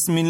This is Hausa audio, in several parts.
بسم الله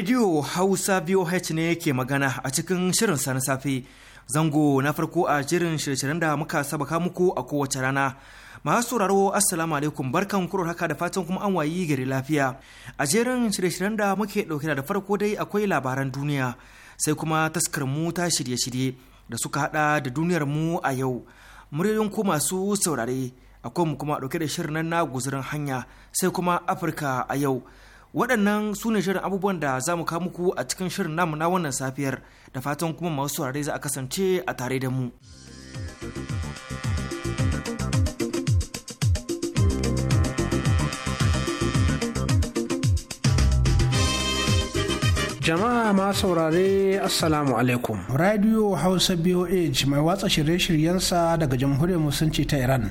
Radio Hausa VOH ne ke magana a cikin shirin sa na safe. Zango na farko a jirin shirye-shiryen da muka sabaka muku a kowace rana. Masu sauraro Assalamu alaikum barkan kuro haka da fatan kuma an wayi gari lafiya. A jerin shirye-shiryen da muke dauke da farko dai akwai labaran duniya sai kuma taskar mu ta shirye-shirye da suka hada da duniyar mu a yau. Muryoyin ku masu saurare akwai mu kuma dauke da shirin nan na guzurin hanya sai kuma Afirka a yau. waɗannan su ne shirin abubuwan da za mu kawo muku a cikin shirin namu na wannan safiyar da fatan kuma masu saurare za a kasance a tare da mu jama'a ma saurare assalamu alaikum radio hausa boh mai watsa shirye-shiryensa daga jamhuriyar musulunci ta iran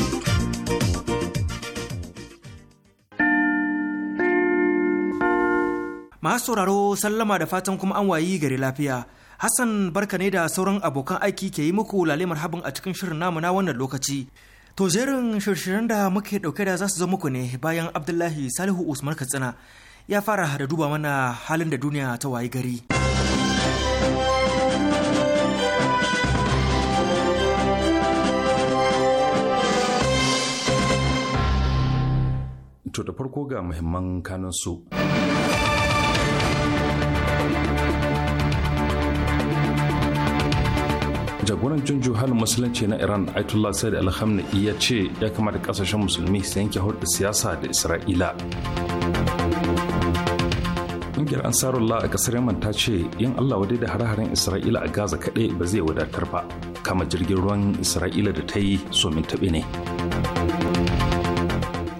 masu sauraro sallama da fatan kuma an wayi gari lafiya hassan barka ne da sauran abokan aiki ke yi muku lalemar habin a cikin shirin namu na wannan lokaci to jerin shirshirin da muke dauke da za su zo muku ne bayan abdullahi salihu usman katsina ya fara da duba mana halin da duniya ta wayi gari To da farko ga muhimman kanunsu. jagoran junju halin musulunci na iran aitullah said alhamna ya ce ya kama da kasashen musulmi su yanke hulɗar siyasa da isra'ila ƙungiyar ansarullah a ƙasar yaman ta ce yin allah wadai da hare isra'ila a gaza kaɗai ba zai wadatar ba kama jirgin ruwan isra'ila da ta yi somin taɓe ne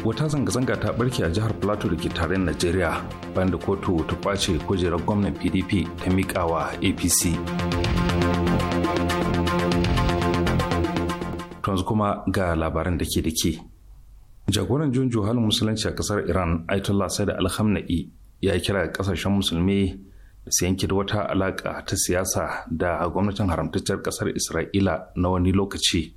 wata zanga-zanga ta barke a jihar plateau da ke taron najeriya bayan da kotu ta kwace kujerar gwamnan pdp ta miƙawa apc yanzu kuma ga labaran da ke da ke. Jagoran junju halin musulunci a kasar Iran Ayatollah Said Alhamna'i ya kira kasashen musulmi da su yanke wata alaka ta siyasa da gwamnatin haramtacciyar kasar Isra'ila na wani lokaci.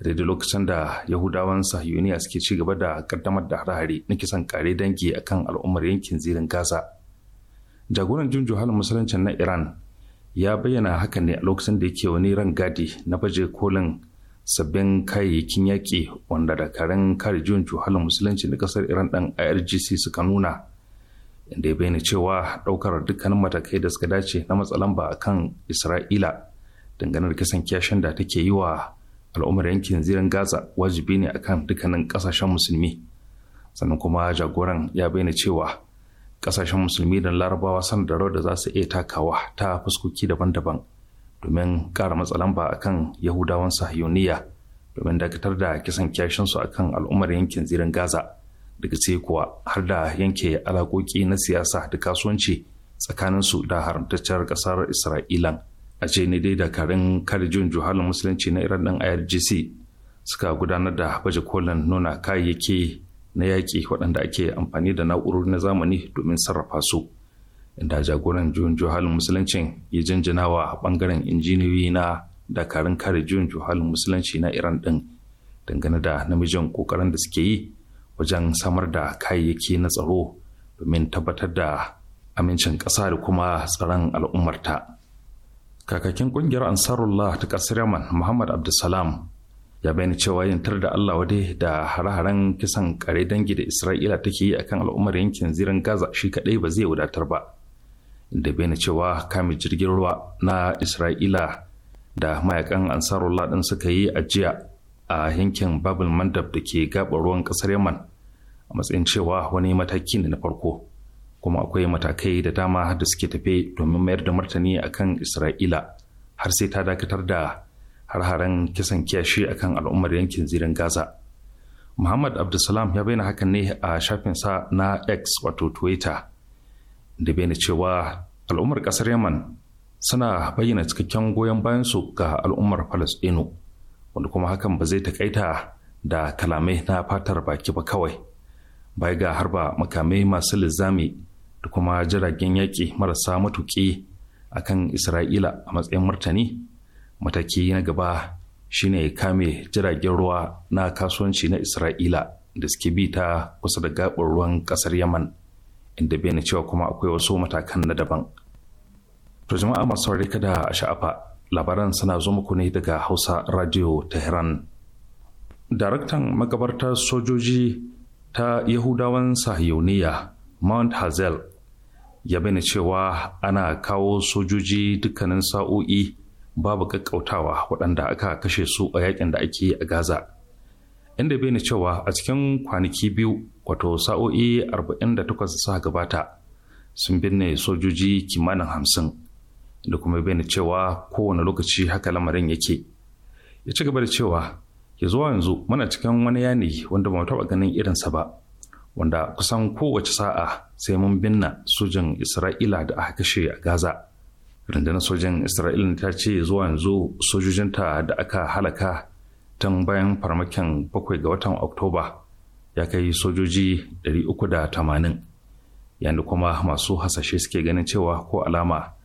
Daidai lokacin da Yahudawan Sahiyuniya suke ci gaba da kaddamar da hare-hare na kisan kare dangi akan al'ummar yankin zirin Gaza. Jagoran junju halin musulunci na Iran ya bayyana hakan ne a lokacin da yake wani rangadi na baje kolin sabbin kayayyakin yaƙi wanda da karen kare juyin juhalin musulunci na ƙasar iran ɗan irgc suka nuna inda ya bayyana cewa ɗaukar dukkanin matakai da suka dace na ba a kan isra'ila dangane da kisan kyashin da take yi wa al'ummar yankin zirin gaza wajibi ne akan dukkanin ƙasashen musulmi sannan kuma jagoran ya bayyana cewa ƙasashen musulmi da larabawa san da rawar da za su iya takawa ta fuskoki daban-daban domin ƙara matsalamba a akan yahudawan sahiyoniya domin dakatar da kisan kyashinsu kan al'ummar yankin zirin gaza daga sai kuwa har da yanke alaƙoƙi na siyasa da kasuwanci tsakaninsu da haramtacciyar ƙasar isra'ilan a ce ne dai dakarun kare jin juhalin musulunci na iran ɗin irgc suka gudanar da baje kolin nuna kayayyaki na yaƙi waɗanda ake amfani da na'urori na zamani domin sarrafa su inda jagoran juyin juhalin musuluncin ya jinjinawa wa ɓangaren injiniyoyi na dakarun kare juyin juhalin musulunci na iran din dangane da namijin kokarin da suke yi wajen samar da kayayyaki na tsaro domin tabbatar da amincin ƙasa da kuma tsaron al'ummarta kakakin kungiyar ansarullah ta ƙasar yaman muhammad abdulsalam ya bayyana cewa yin tar da Allah wade da hare-haren kisan kare dangi da Isra'ila take yi akan al'ummar yankin zirin Gaza shi kadai ba zai wadatar ba. da bayyana cewa kame jirgin ruwa na isra'ila da mayakan ansarullah din suka yi a jiya a yankin babul mandab da ke gabar ruwan ƙasar yaman a matsayin cewa wani mataki ne na farko kuma akwai matakai da dama da suke tafe domin mayar da martani akan isra'ila har sai ta dakatar da har-haren kisan kiyashi akan al'ummar yankin zirin gaza muhammad abdulsalam ya bayyana hakan ne a shafinsa na x wato twitter da bai cewa al'ummar ƙasar yaman suna bayyana cikakken goyon bayansu ga al'ummar falastinu wanda kuma hakan ba zai takaita da kalamai na fatar baki ba kawai bai ga harba makamai masu lizami da kuma jiragen yaƙi marasa matuƙi a kan isra'ila a matsayin martani mataki na gaba shine kame jiragen ruwa na kasuwanci na isra'ila da suke bi ta kusa da gaɓar ruwan ƙasar yaman inda bai na cewa kuma akwai wasu matakan na daban to jama'a masu saurari kada a sha'afa labaran suna zo muku ne daga hausa radio tehran daraktan magabartar sojoji ta yahudawan sahiyoniya mount hazel ya bayyana cewa ana kawo sojoji dukkanin sa'o'i babu kakkautawa waɗanda aka kashe su a yakin da ake yi a gaza inda bai ni cewa a cikin kwanaki biyu wato sa'o'i arba'in, da 48 suka gabata sun binne sojoji kimanin hamsin da kuma bai ni cewa kowane lokaci haka lamarin yake ya ci gaba da cewa ya zuwa yanzu muna cikin wani yani wanda ba mu taɓa ganin irinsa ba wanda kusan kowace sa'a sai mun binna sojin isra'ila da aka kashe a gaza rundunar sojin isra'ila ta ce zuwa yanzu sojojinta da aka halaka tun bayan farmakin bakwai ga watan oktoba ya kai sojoji 380 yadda kuma masu hasashe suke ganin cewa ko alama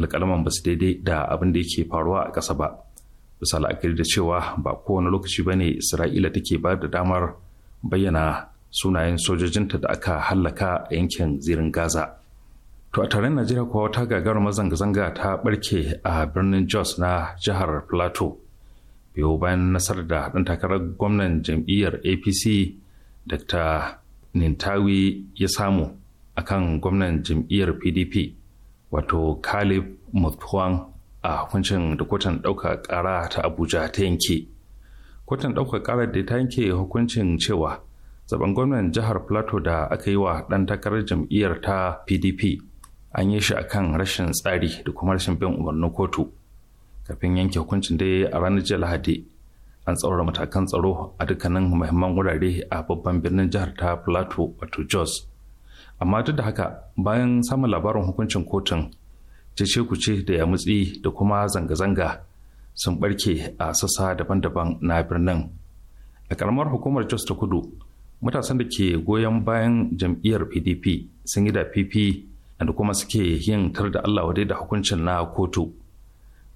alkalaman ba su daidai da abin da yake faruwa a ƙasa ba bisa la'akari da cewa ba kowane lokaci ba ne isra'ila take ba da damar bayyana sunayen sojojinta da aka hallaka a yankin zirin gaza to a taron najeriya kuwa wata gagarumar zanga-zanga ta barke a birnin jos na jihar plateau biyo bayan nasarar da haɗin takarar gwamnan jam'iyyar apc dr nintawi ya samu a kan gwamnan jam'iyyar pdp wato caleb mutuwan a hukuncin da kwatan ɗaukar ƙara ta abuja ta yanke kwatan ɗaukar ƙara da ta yanke hukuncin cewa zaben gwamnan jihar plateau da aka yi wa ɗan takarar jam'iyyar ta pdp an yi shi akan rashin tsari da kuma rashin bin umarnin kotu kafin yanke hukuncin dai a ranar jiya lahadi an tsaurara matakan tsaro a dukkanin muhimman wurare a babban birnin jihar ta plateau wato jos amma duk da haka bayan samun labarin hukuncin kotun cece kuce da ya yamutsi da kuma zanga-zanga sun barke a sassa daban-daban na birnin a karamar hukumar jos ta kudu matasan da ke goyon bayan jam'iyyar pdp sun yi da pp da kuma suke yin tar da allah wadai da hukuncin na kotu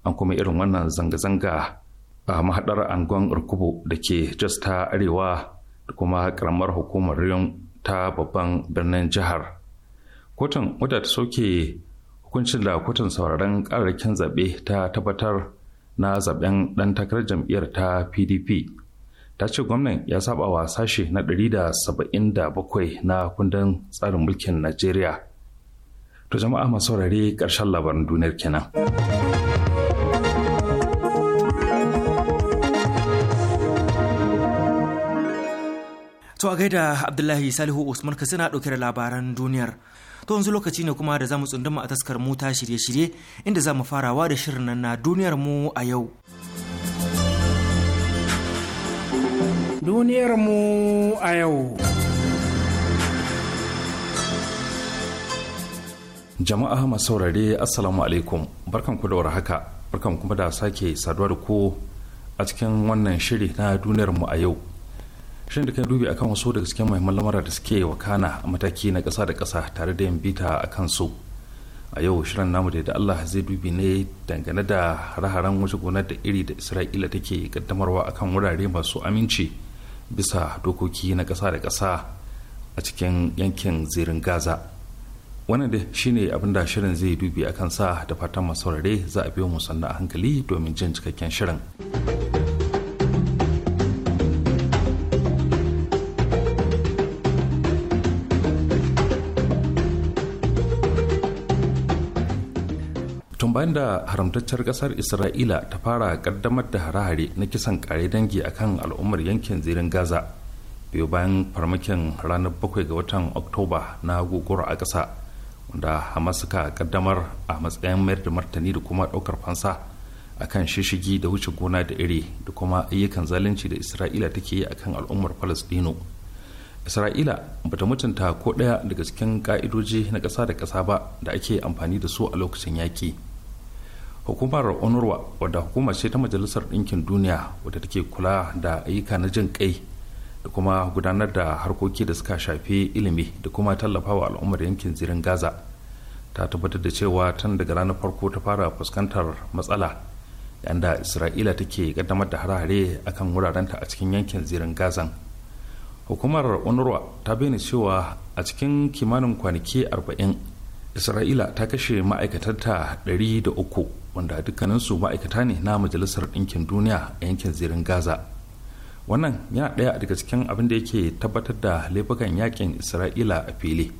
an kuma irin wannan zanga-zanga a mahaɗar angon Rukubu da ke jos ta arewa da kuma karamar hukumar riyon ta babban birnin jihar kotun wadda ta soke hukuncin da kotun sauraron ƙararrakin zaɓe ta tabbatar na zaɓen ɗan takarar jam'iyyar ta pdp ta ce gwamnan ya saba wa sashe na 177 na kundin tsarin mulkin najeriya to jama'a masu saurari ƙarshen labaran duniyar kenan. To a gaida Abdullahi Salihu Usman ka suna ɗauke da labaran duniyar. To yanzu lokaci ne kuma da zamu tsunduma a taskar mu ta shirye-shirye inda za mu farawa da shirin nan na duniyar mu a yau. Duniyar mu a yau. Jama'a masu saurare Assalamu alaikum barkanku da haka barkan kuma da sake saduwa da ku a cikin wannan shiri na duniyar mu a yau. shirin da kan dubi akan wasu daga cikin muhimman lamura da suke wakana a mataki na kasa da kasa tare da yin bita a kan su a yau shirin namu da Allah zai dubi ne dangane da hare-haren gona gonar da iri da Isra'ila take kaddamarwa akan wurare masu aminci bisa dokoki na kasa da kasa a cikin yankin zirin Gaza wannan da shine abin da shirin zai dubi akan sa da fatan masaurare za a biyo mu sannan a hankali domin jin cikakken shirin. bayan da haramtaccen kasar isra'ila ta fara kaddamar da hare-hare na kisan kare dangi akan al'ummar yankin zirin gaza biyu bayan farmakin ranar 7 ga watan oktoba na guguwar a ƙasa wanda hamas suka kaddamar a matsayin mayar da martani da kuma ɗaukar fansa akan shishigi da wuce gona da iri da kuma ayyukan zalunci da isra'ila take yi akan al'ummar falastino isra'ila bata mutunta ko ɗaya daga cikin ƙa'idoji na ƙasa da ƙasa ba da ake amfani da su a lokacin yaƙi hukumar onurwa wadda hukuma ce ta majalisar ɗinkin duniya wadda take kula da ayyuka na jin kai da kuma gudanar da harkoki da suka shafi ilimi da kuma tallafawa al'ummar yankin zirin gaza ta tabbatar da cewa tun daga ranar farko ta fara fuskantar matsala yanda isra'ila take kaddamar da harare akan ta a cikin yankin zirin gazan hukumar onurwa ta bayyana cewa a cikin kimanin kwanaki 40 isra'ila ta kashe ma'aikatanta 300 wanda dukkaninsu ma'aikata ne na majalisar ɗinkin duniya a yankin zirin gaza wannan yana ɗaya daga cikin abin da yake tabbatar da laifukan yakin isra'ila a fili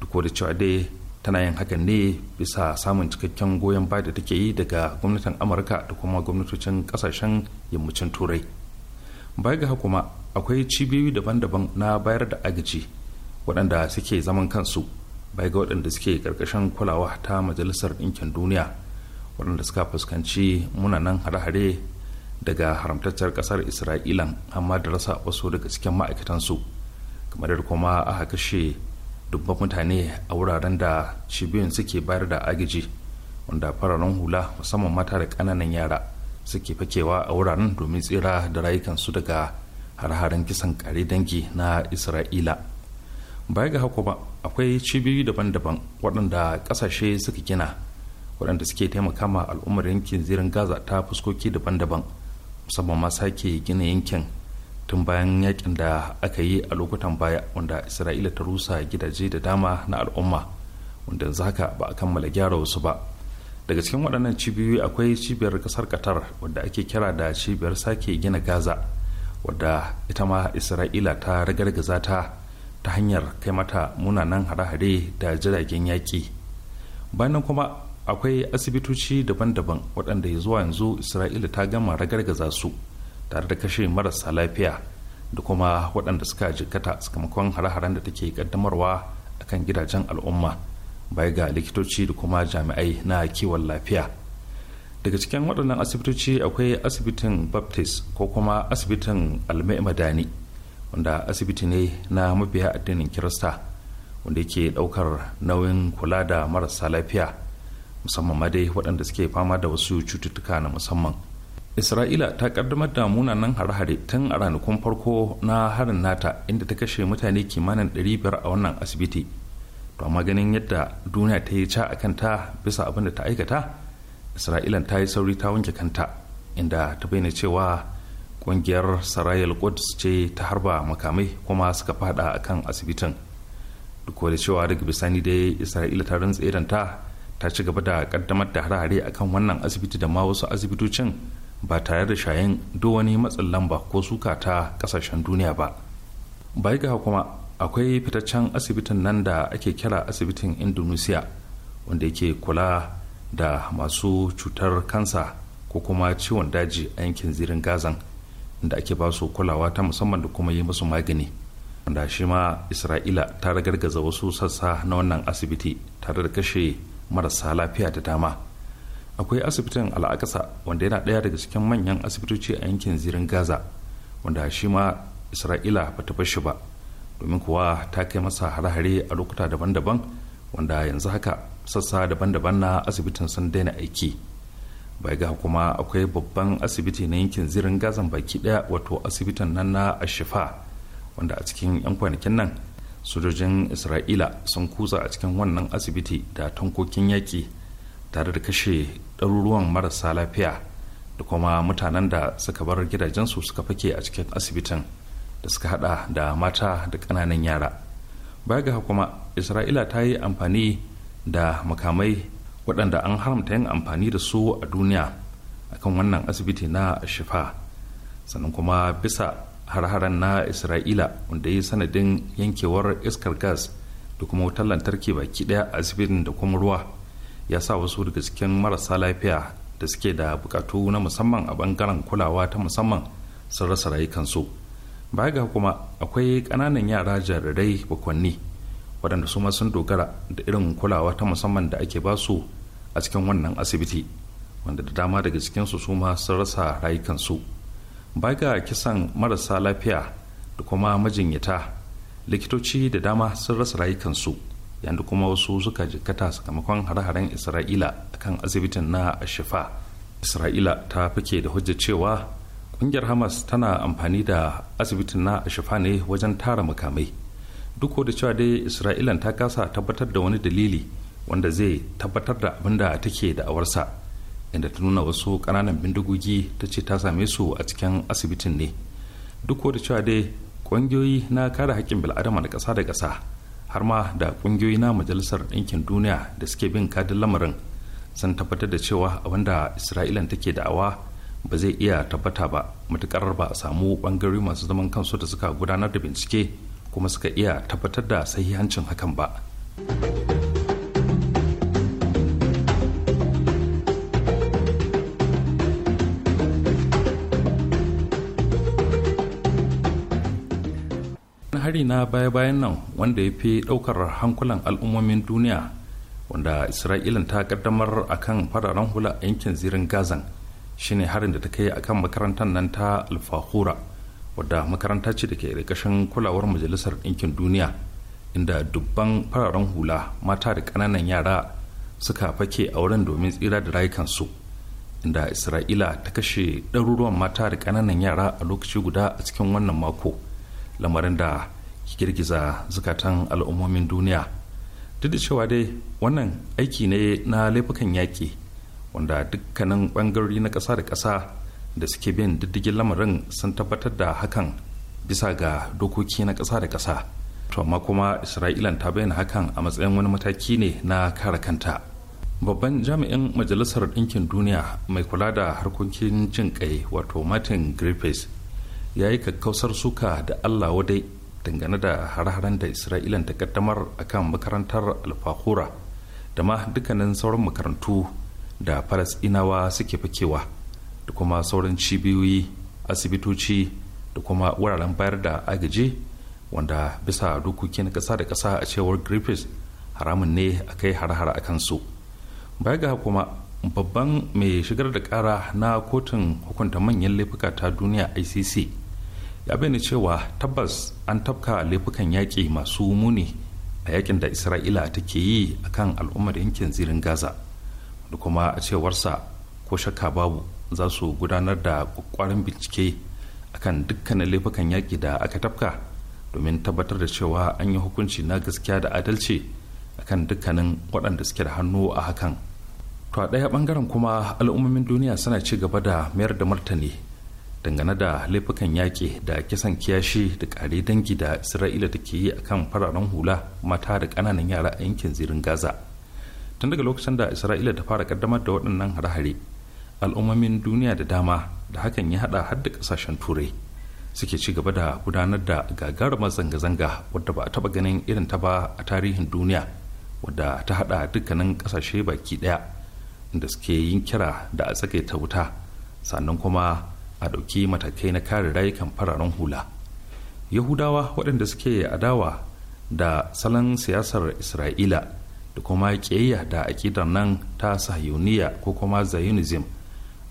duk da cewa dai tana yin hakan ne bisa samun cikakken goyon baya da take yi daga gwamnatin amurka da kuma gwamnatocin kasashen yammacin turai baya ga kuma akwai cibiyoyi daban-daban na bayar da agaji waɗanda suke zaman kansu baya ga waɗanda suke karkashin kulawa ta majalisar ɗinkin duniya waɗanda suka fuskanci munanan hare-hare daga haramtacciyar ƙasar isra'ila amma da rasa wasu daga cikin ma'aikatansu kamar da kuma aka kashe dubban mutane a wuraren da cibiyoyin suke bayar da agaji wanda fararen hula musamman mata da ƙananan yara suke fakewa a wuraren domin tsira da rayukansu daga har-haren kisan kare dangi na isra'ila baya ga haka ba akwai cibiyoyi daban-daban waɗanda ƙasashe suka gina waɗanda suke taimaka ma al'ummar yankin zirin gaza ta fuskoki daban-daban musamman ma sake gina yankin tun bayan yakin da aka yi a lokutan baya wanda isra'ila ta rusa gidaje da dama na al'umma wanda yanzu haka ba a kammala gyara wasu ba daga cikin waɗannan cibiyoyi akwai cibiyar ƙasar qatar wadda ake kira da cibiyar sake gina gaza wadda ita ma isra'ila ta ragargaza ta ta hanyar kai mata munanan hare-hare da jiragen yaƙi bayan kuma akwai asibitoci daban-daban waɗanda ya zuwa yanzu isra'ila ta gama ragargaza su tare da kashe marasa lafiya da kuma waɗanda suka jikkata sakamakon hare-haren da take kaddamarwa a kan gidajen al'umma baya ga likitoci da kuma jami'ai na kiwon lafiya daga cikin waɗannan asibitoci akwai asibitin baptist ko kuma asibitin madani wanda asibiti ne na mabiya addinin kirista wanda yake ɗaukar nauyin kula da marasa lafiya musamman ma dai waɗanda suke fama da wasu cututtuka na musamman isra'ila ta kaddamar da munanan hare-hare tun a ranakun farko na harin nata inda ta kashe mutane kimanin biyar a wannan asibiti to amma ganin yadda duniya ta yi ca a kanta bisa abin da ta aikata isra'ila ta yi sauri ta wanke kanta inda ta bayyana cewa kungiyar sarayal quds ce ta harba makamai kuma suka fada akan asibitin duk da cewa daga bisani dai isra'ila ta rantsa ta ta ci gaba da kaddamar da harare akan wannan asibiti da ma wasu asibitocin ba tare da shayin duk wani matsin lamba ko suka ta kasashen duniya ba bai ga kuma akwai fitaccen asibitin nan da ake kira asibitin indonesia wanda yake kula da masu cutar kansa ko kuma ciwon daji a yankin zirin gazan da ake ba su kulawa ta musamman da kuma yi musu magani wanda shi ma isra'ila ta ragargaza wasu sassa na wannan asibiti tare da kashe marasa lafiya da dama akwai asibitin al'akasa wanda yana ɗaya daga cikin manyan asibitoci a yankin zirin gaza wanda shi ma isra'ila ba ta bashi ba domin kuwa ta kai masa hare-hare a lokuta daban-daban wanda yanzu haka sassa daban-daban na asibitin sun daina aiki bai ga kuma akwai babban asibiti na yankin zirin gazan baki daya wato asibitin nan na ashifa wanda a cikin 'yan kwanakin nan sojojin isra'ila sun kusa a cikin wannan asibiti da tankokin yaƙi tare da kashe ɗaruruwan marasa lafiya da kuma mutanen da suka bar gidajensu suka fake a cikin asibitin da suka hada da mata da ƙananan yara baya ga kuma isra'ila ta yi amfani da makamai waɗanda an haramta yin amfani da su a duniya akan wannan asibiti na shifa sannan kuma bisa har na isra'ila wanda ya sanadin yankewar iskar gas da kuma wutar lantarki baki daya a asibitin da kuma ruwa ya sa wasu daga cikin marasa lafiya da suke da bukatu na musamman a bangaren kulawa ta musamman sun rasa rayukansu baya ga kuma akwai kananan yara jarirai bakwanni waɗanda su sun dogara da irin kulawa ta musamman da ake basu a cikin wannan asibiti wanda da dama daga cikinsu su ma sun rasa rayukansu baga kisan marasa lafiya da kuma majinyata likitoci da dama sun rasa rayukansu yadda kuma wasu suka jikata sakamakon hare-haren isra'ila kan asibitin na ashifa isra'ila ta fike da hujja cewa kungiyar hamas tana amfani da asibitin na ashifa ne wajen tara makamai duk da cewa dai isra'ilan ta kasa tabbatar da wani dalili wanda zai tabbatar da abin da take da awarsa inda ta nuna wasu kananan bindigogi ta ce ta same su a cikin asibitin ne duk da cewa dai ƙungiyoyi na kare haƙƙin bil'adama da ƙasa da ƙasa har ma da ƙungiyoyi na majalisar ɗinkin duniya da suke bin kadin lamarin sun tabbatar da cewa abin da isra'ilan take da'awa ba zai iya tabbata ba matuƙar ba a samu ɓangare masu zaman kansu da suka gudanar da bincike kuma suka iya tabbatar da sahihancin hakan ba. na baya-bayan nan wanda ya fi ɗaukar hankulan al'ummomin duniya wanda isra'ilan ta kaddamar akan fararen hula a yankin zirin gazan shine harin da ta kai akan makarantar nan ta alfahura wadda makaranta ce da ke ƙarƙashin kulawar majalisar ɗinkin duniya inda dubban fararen hula mata da ƙananan yara suka fake a wurin domin tsira da rayukansu inda isra'ila ta kashe ɗaruruwan mata da ƙananan yara a lokaci guda a cikin wannan mako lamarin da girgiza zukatan al'ummomin duniya duk da cewa dai wannan aiki ne na laifukan yaƙi wanda dukkanin ɓangarori na ƙasa da ƙasa da suke bin diddigin lamarin sun tabbatar da hakan bisa ga dokoki na ƙasa da ƙasa to amma kuma isra'ilan ta bayyana hakan a matsayin wani mataki ne na kare kanta babban jami'in majalisar ɗinkin duniya mai kula da harkokin jin ƙai wato martin griffiths ya yi kakkausar suka da allah wadai dangane da hare-haren da isra'ila ta kaddamar a kan makarantar alfahura da ma dukkanin sauran makarantu da falasɗinawa suke fakewa da kuma sauran cibiyoyi asibitoci da kuma wuraren bayar da agaji wanda bisa dokokin kasa da kasa a cewar griffiths haramun ne a kai hare-hare a kansu baya ga kuma babban mai shigar da ƙara na kotun hukunta manyan laifuka ta duniya icc ya bayyana cewa tabbas an tafka laifukan yaƙi masu muni a yakin da isra'ila take yi a kan al'ummar yankin zirin gaza da kuma a cewarsa ko shakka babu za su gudanar da kwakwarin bincike a kan dukkanin laifukan yaƙi da aka tafka domin tabbatar da cewa an yi hukunci na gaskiya da adalci a kan dukkanin waɗanda suke da hannu a hakan to a ɗaya ɓangaren kuma al'ummomin duniya suna ci gaba da mayar da martani dangane da laifukan yaƙi da kisan kiyashi da ƙare dangi da isra'ila da ke yi a kan fararen hula mata da ƙananan yara a yankin zirin gaza tun daga lokacin da isra'ila ta fara kaddamar da waɗannan hare-hare al'ummomin duniya da dama da hakan ya haɗa har da ƙasashen turai suke ci gaba da gudanar da gagarumar zanga-zanga wadda ba a taɓa ganin irin ta ba a tarihin duniya wadda ta haɗa dukkanin ƙasashe baki ɗaya da suke yin kira da a tsakaita wuta sannan kuma a ɗauki matakai na kare rayukan fararen hula yahudawa waɗanda suke adawa da salon siyasar isra'ila da kuma ƙiyayya da aƙidar nan ta sahiyuniya ko kuma zionism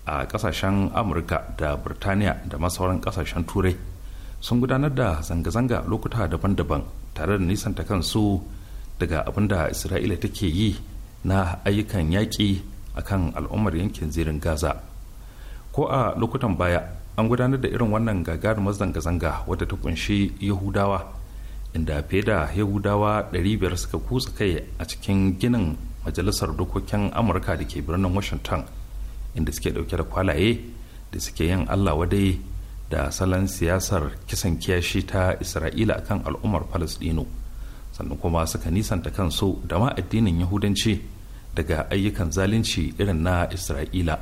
a ƙasashen amurka da birtaniya da masauran ƙasashen turai sun gudanar da zanga-zanga lokuta daban-daban tare da nisanta kansu daga abin da isra'ila take yi na ayyukan yaƙi akan al'ummar yankin zirin gaza ko a lokutan baya an gudanar da irin wannan gagarumar zanga-zanga wadda ta kunshi yahudawa inda fiye da yahudawa 500 suka kutsa kai a cikin ginin majalisar dokokin amurka da ke birnin washington inda suke dauke da kwalaye da suke yin allah wadai da salon siyasar kisan kiyashi ta isra'ila kan al'ummar palestino sannan kuma suka nisanta kansu da ma addinin yahudanci daga ayyukan zalunci irin na isra'ila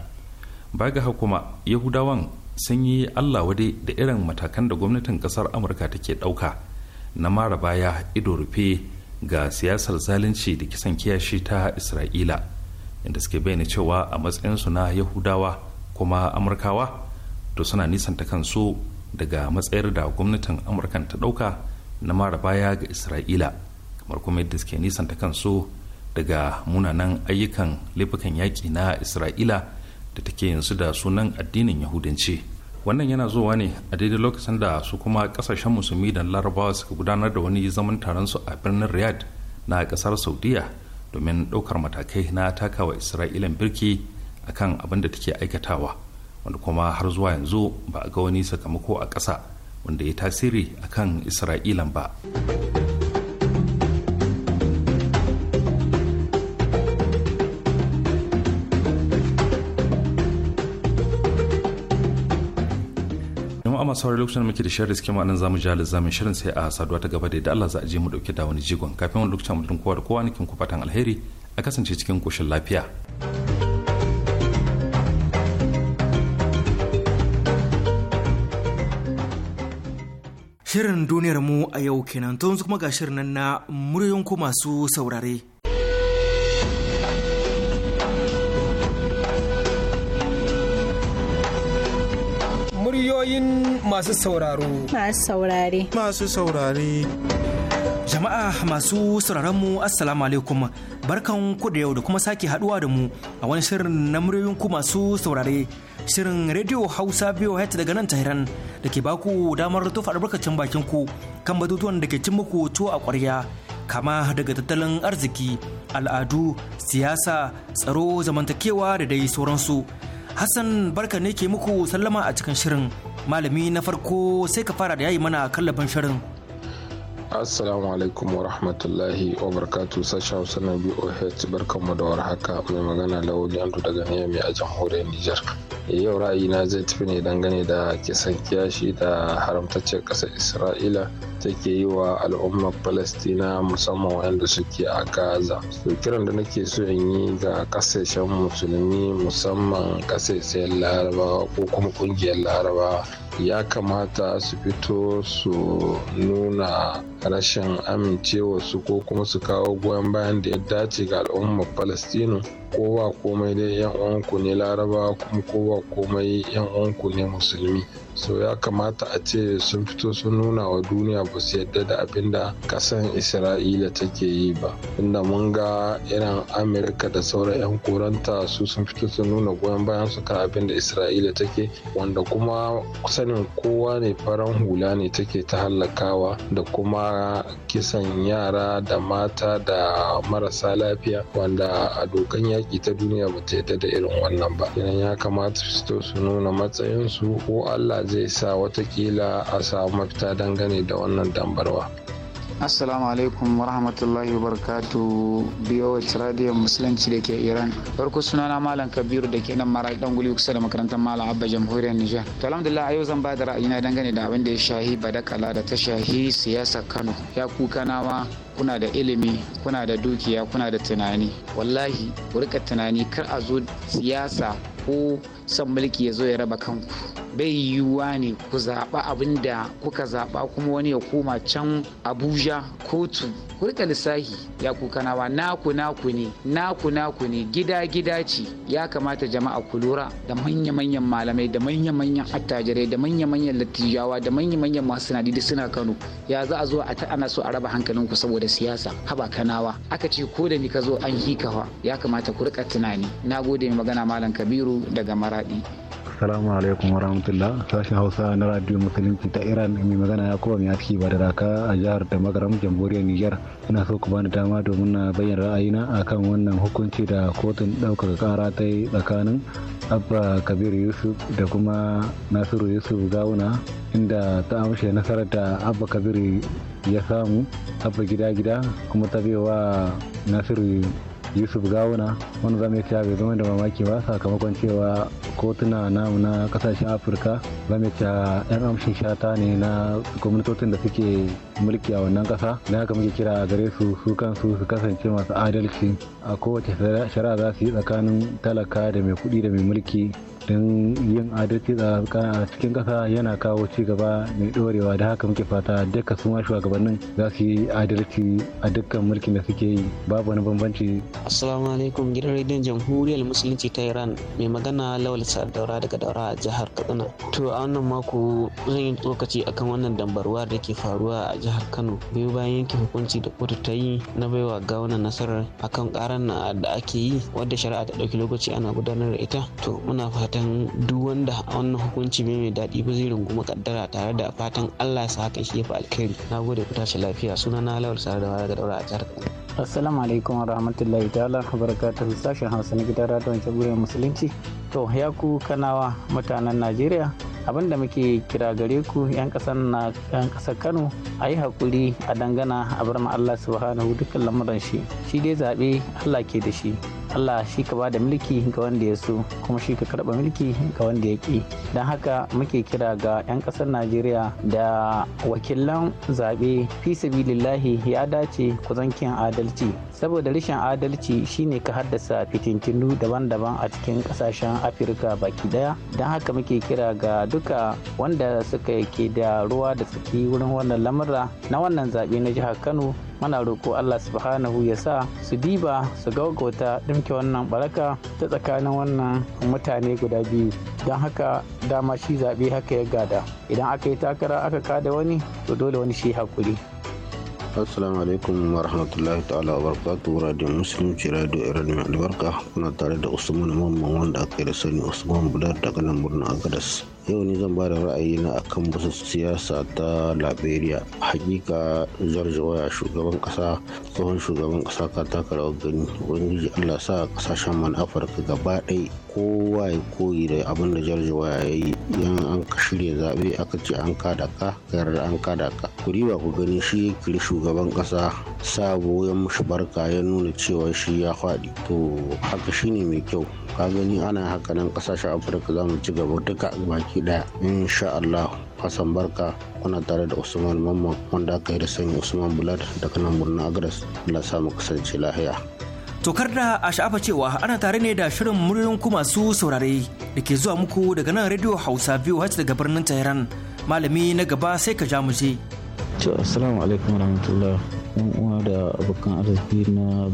ba ga kuma yahudawan sun yi allah wade da irin matakan da gwamnatin kasar amurka take ɗauka na mara baya ido rufe ga siyasar zalunci da kisan kiyashi ta isra'ila inda suke bayyana cewa a matsayin su na yahudawa kuma amurkawa to suna nisanta kansu daga matsayar da gwamnatin amurka ta ɗauka na mara baya ga isra'ila kamar kuma yadda suke nisanta kansu daga munanan ayyukan laifukan yaƙi na isra'ila da take yanzu da sunan addinin yahudanci wannan yana zuwa ne a daidai lokacin da su kuma kasashen musulmi da larabawa suka gudanar da wani zaman taron su a birnin riyadh na kasar saudiya domin ɗaukar matakai na takawa isra'ilan birki akan abin da take aikatawa wanda kuma har zuwa yanzu ba a ga wani sakamako a ƙasa wanda ya tasiri akan isra'ilan ba. masu saurari lokacin da muke da shirin riske ma'anin zamu ji zamin shirin sai a saduwa ta gaba da yadda Allah za a je mu dauke da wani jigon kafin wani lokacin mutum kowa da kowa nikin ku fatan alheri a kasance cikin koshin lafiya. Shirin duniyar mu a yau kenan tun kuma ga shirin nan na muryoyin ku masu saurare. Ra'ayoyin masu sauraro. Masu saurare. Masu saurare. Jama'a masu sauraron mu Assalamu alaikum barkan ku da yau da kuma sake haduwa da mu a wani shirin na muryoyin ku masu saurare shirin Radio Hausa VOH daga nan tahiran da ke baku damar tofa albarkacin bakin ku kan batutuwan da ke cin muku tuwo a kwarya kama daga tattalin arziki al'adu siyasa tsaro zamantakewa da dai sauransu. Hassan barka ne ke muku sallama a cikin shirin malami na farko sai ka fara da yayi mana kallabin shirin assalamu alaikum wa rahmatullahi wa barkatu sashi hausa na boh barkanmu da haka mai magana wani andu daga niyami a jamhuriyar nijar yau ra'ayina zai tafi ne dangane da kisan kiyashi da haramtaccen ƙasar isra'ila take yi wa al'ummar palestina musamman waɗanda suke a gaza su kiran da nake so in yi ga ƙasashen musulmi musamman ƙasashen larabawa ko kuma ƙungiyar larabawa ya kamata su fito su nuna rashin amincewa su ko kuma su kawo goyon bayan da ya dace ga al'ummar palestino ko ba komai dai yan uwanku ne laraba kuma ko ba komai yan uwanku ne musulmi so ya kamata a ce sun fito sun nuna wa duniya ba su yadda da abin da kasan isra'ila take yi ba inda mun ga irin amurka da sauran 'yan koranta su sun fito sun nuna goyon bayan su kan abin da isra'ila take wanda kuma sanin kowa ne faran hula ne take ta hallakawa da kuma kisan yara da mata da marasa lafiya wanda a dokan yaƙi ta duniya ba ta yadda da irin wannan ba idan ya kamata su su nuna matsayinsu ko allah zai sa watakila a samu mafita dangane da wannan tambarwa. assalamu alaikum wa rahmatullahi wa barakatu biyo radio musulunci da ke iran farko sunana malam kabiru da ke nan mara dan guli kusa da makarantar malam abba jamhuriyar nijar to alhamdulillah a yau zan ba da ra'ayina dangane da abin da ya shahi badakala da ta shahi siyasar kano ya kuka nawa kuna da ilimi kuna da dukiya kuna da tunani wallahi ku rika tunani kar a zo siyasa ko son mulki ya zo ya raba kanku bai yiwuwa ne ku zaɓa abin da kuka zaɓa kuma wani ya koma can abuja kotu ku rika lissahi ya kukanawa naku naku ne naku naku ne gida gida ce ya kamata jama'a ku lura da manya-manyan malamai da manya-manyan attajirai da manya-manyan lattijawa da manya-manyan masu sinadi da suna kano ya za a zo a ana so a raba hankalin ku saboda siyasa haba kanawa aka ce ko da ni ka zo an hikawa ya kamata ku rika tunani na gode magana malam kabiru daga maradi Assalamu alaikum rahmatullah sashen Hausa na Radio Musulunci ta Iran mai magana ya kuma mai aski ba da raka a jihar da magaram jamhuriyar Niger. Ina so ku bani dama domin na bayyana ra'ayina kan wannan hukunci da kotun ɗaukaka ƙara ta yi tsakanin Abba Kabir Yusuf da kuma Nasiru Yusuf Gawuna inda ta amshe nasarar da Abba Kabir ya samu Abba gida gida kuma ta wa Nasiru yusuf gawuna wanda za mu cewa bai zama da mamaki ba sakamakon cewa kotuna namu na kasashen afirka za mu cewa yan amshin shata ne na gwamnatocin da suke mulki a wannan kasa na haka muke kira a gare su su kansu su kasance masu adalci a kowace shari'a za su yi tsakanin talaka da mai kuɗi da mai mulki don yin adalci a cikin ƙasa yana kawo ci gaba mai ɗorewa da haka muke fata duka su ma shugabannin za su yi adalci a dukkan mulkin da suke yi babu wani bambanci. Assalamu alaikum gidan rediyon jamhuriyar musulunci ta Iran mai magana lawal daura daga daura a jihar Katsina. To a wannan mako zan yi tsokaci akan wannan dambarwa da ke faruwa a jihar Kano biyu bayan yanke hukunci da kotu ta yi na baiwa gawana nasarar akan karan da ake yi wadda shari'a ta ɗauki lokaci ana gudanar da ita. To muna fata fatan duk wanda wannan hukunci bai mai daɗi ba zai runguma kaddara tare da fatan Allah ya saka shi ya alkhairi na gode ku tashi lafiya suna na lawal sare da daga daura a jihar assalamu alaikum wa rahmatullahi ta'ala barakatuhu sashen hausa na gidan radon gure musulunci to ya ku kanawa mutanen najeriya abin da muke kira gare ku 'yan kasar na 'yan kasar kano a yi haƙuri a dangana a bar ma allah subhanahu dukkan lamuran shi shi dai zaɓe allah ke da shi Allah shi ka bada mulki ga wanda ya so kuma shi ka karba mulki ga wanda ya ƙi don haka muke kira ga 'yan ƙasar Najeriya da wakilan zaɓe fi lillahi ya dace ku zankin adalci saboda rashin adalci shine ka haddasa fitintinu daban-daban a cikin ƙasashen Afirka baki daya don haka muke kira ga duka wanda suka ke da ruwa da tsaki wurin wannan lamura na wannan zaɓe na jihar Kano mana roƙo Allah subhanahu ya sa su diba su gaugauta ɗimke wannan baraka ta tsakanin wannan mutane guda biyu don haka dama shi zaɓe haka ya gada idan aka yi takara aka kada wani to dole wani shi haƙuri assalamu alaikum wa rahmatullahi ta'ala wa radiyo radio musulunci radio iran mai albarka kuna tare da usman mamman wanda aka yi da sani usman budar daga nan birnin agadas yau ne zan ba da ra'ayina akan wasu siyasa ta liberia hakika george waya shugaban kasa tsohon shugaban kasa ka taka rawar gani ubangiji allah sa kasashen man afirka gaba ɗaya kowa ya koyi da abin da george waya ya yi yan an shirya zaɓe aka ce an kada ka kayar an kada ka ku riba ku gani shi kiri shugaban ƙasa sabo ya mushi barka ya nuna cewa shi ya faɗi to haka shi ne mai kyau ka gani ana haka nan ƙasashen afirka za mu ci gaba duka baki ɗaya insha Allah Hassan Barka kuna tare da Usman Mamman wanda aka yi da sanya Usman Bulat daga nan murna Agres. Allah samu kasance lahiya. Tokar da a sha'afa cewa ana tare ne da shirin muryoyin ku masu saurare da ke zuwa muku daga nan Radio Hausa VOH daga birnin Tehran. Malami na gaba sai ka ja mu je. Assalamu alaikum warahmatullahi. uwa da abokan arziki na